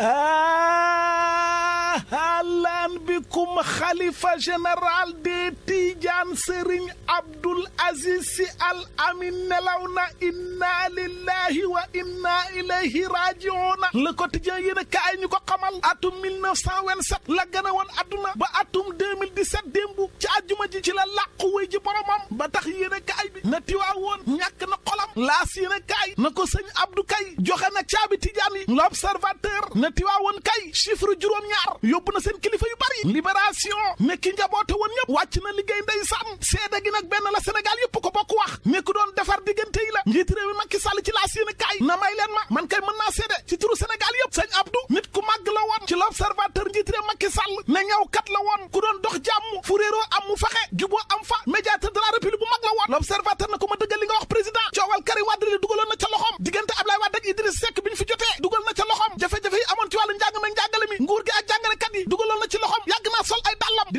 ah alan bikum xalifa général de Tidiane Serigne Abdoul Aziz Sy Al Amine nelaw na inna lillahi wa inna ilayhi rajiuna Le Quotidien yéen a kaay ñu ko xamal atum 1927 la gën a woon adduna ba atum 2017 démbu ci àjjuma ci la làqu way ji boromam ba tax yéen joxe na caabi tijaam yi l'observateur ne tiwaawoon kay chiffre juróom-ñaar yóbbu na seen kilifa yu bari libération ne ki njaboote woon ñëpp wàcc na liggéey ndey sàmm seede gi nag benn la Sénégal yëpp ko bokk wax ne ku doon defar diggante yi la njiit réew mi Macky ci laas yéen na may leen ma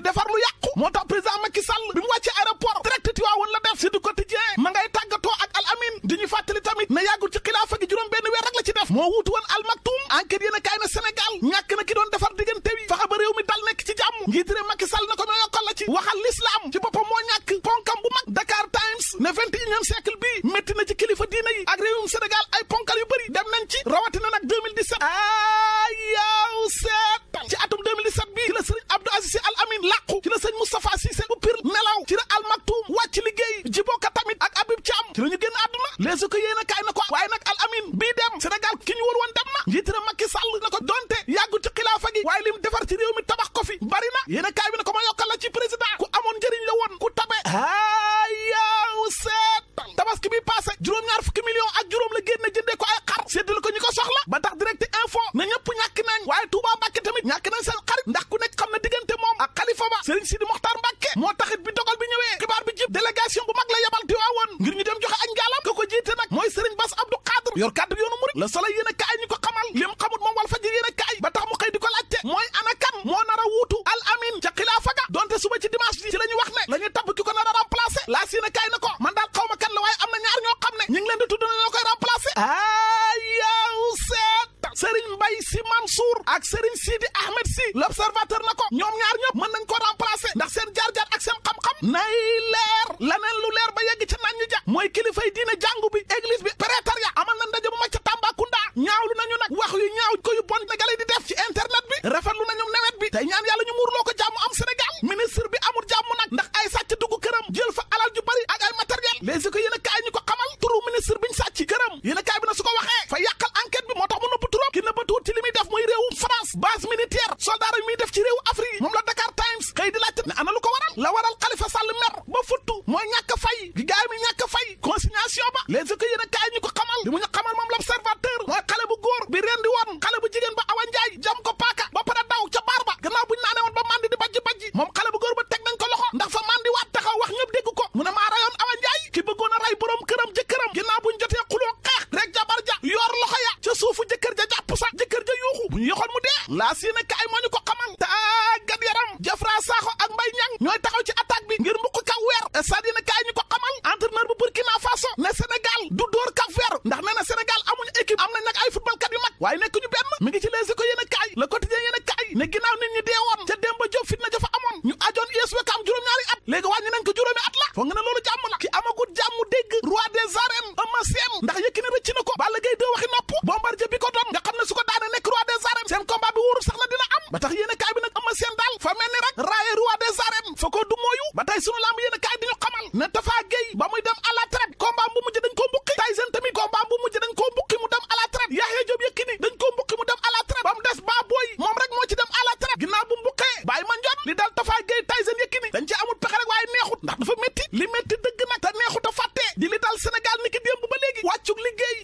defar lu yàqu moo tax président Macky Sall bi mu wàccee aéroport direct la def si du quotidien ma ngay tàggatoo ak Al Amin di ñu fàttali tamit ne yàggul ci xilaafa gi juróom benn weer rek la ci def moo wuutu woon Al Maktoum enquête yéen a kaay na Sénégal ñàkk na ki doon defar diggante wi fexe ba mi dal nekk ci jàmm njiit réew Macky na ko ma yokkal la ci waxal l'islam ci boppam moo ñàkk ponkam bu mag Dakar Times ne vingt et unième waaye na bii dem Sénégal ki ñu wóor woon dem na njiitëra Macky Sall na ko donte yàggu ci gi waaye lim defar tabax ko fi bari na yéen a kaay bi na ko ma yokkal la ci président ku amoon njëriñ la woon ku tabe ah, yor kàddu yoonu murit le soleil yéen a kaay ñu ko xamal lim xamut moom wal fajir yéen a kaay ba tax mu xëy di ko laajte mooy ana kan moo nar a wuutu al amin ca xilaafa ga donte suba ci dimanche ji ci la ñu wax ne la ñu tabb ko nar a remplacer laas yéen a kaay na ko man daal xaw ma kan la waaye am na ñaar ñoo xam ne ñu leen di tudd na ñoo koy remplacer ayaw seet Serigne Mbaye Sy Mansour ak Serigne Sidi Ahmed Sy l'observateur na ko ñoom ñaar ñëpp mën nañ ko remplacer and laas yéen a kaay moo ñu ko xamal tàggat yaram Diafra Sakho ak mbay Niang ñooy taxaw ci attaque bi ngir mbokk kaw weer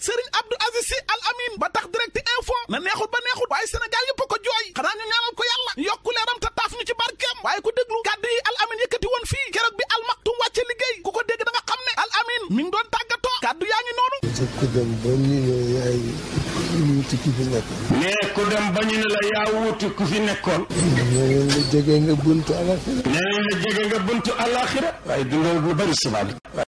Serigne Abdou Aziz Sy Al ba tax direct info na neexul ba neexul waaye Sénégal yëpp a ko jooy xanaa ñu ñaanal ko yàlla yokku leeram te taaf ñu ci barkeem waaye ku déglu kàddu yi Al Amin yëkkati woon bi Al Maktoum liggéey ku ko dégg da nga xam ne Al Amin mi ngi doon tàggatoo kàddu yaa ngi noonu. ku dem ba ñu ne yaay wuuti ku fi ñu ne la yaa wuuti ku fi nekkoon. nee nañ la jege nga buntu alaxira. nee nañ la jege nga buntu alaxira. waaye dundal bu bari si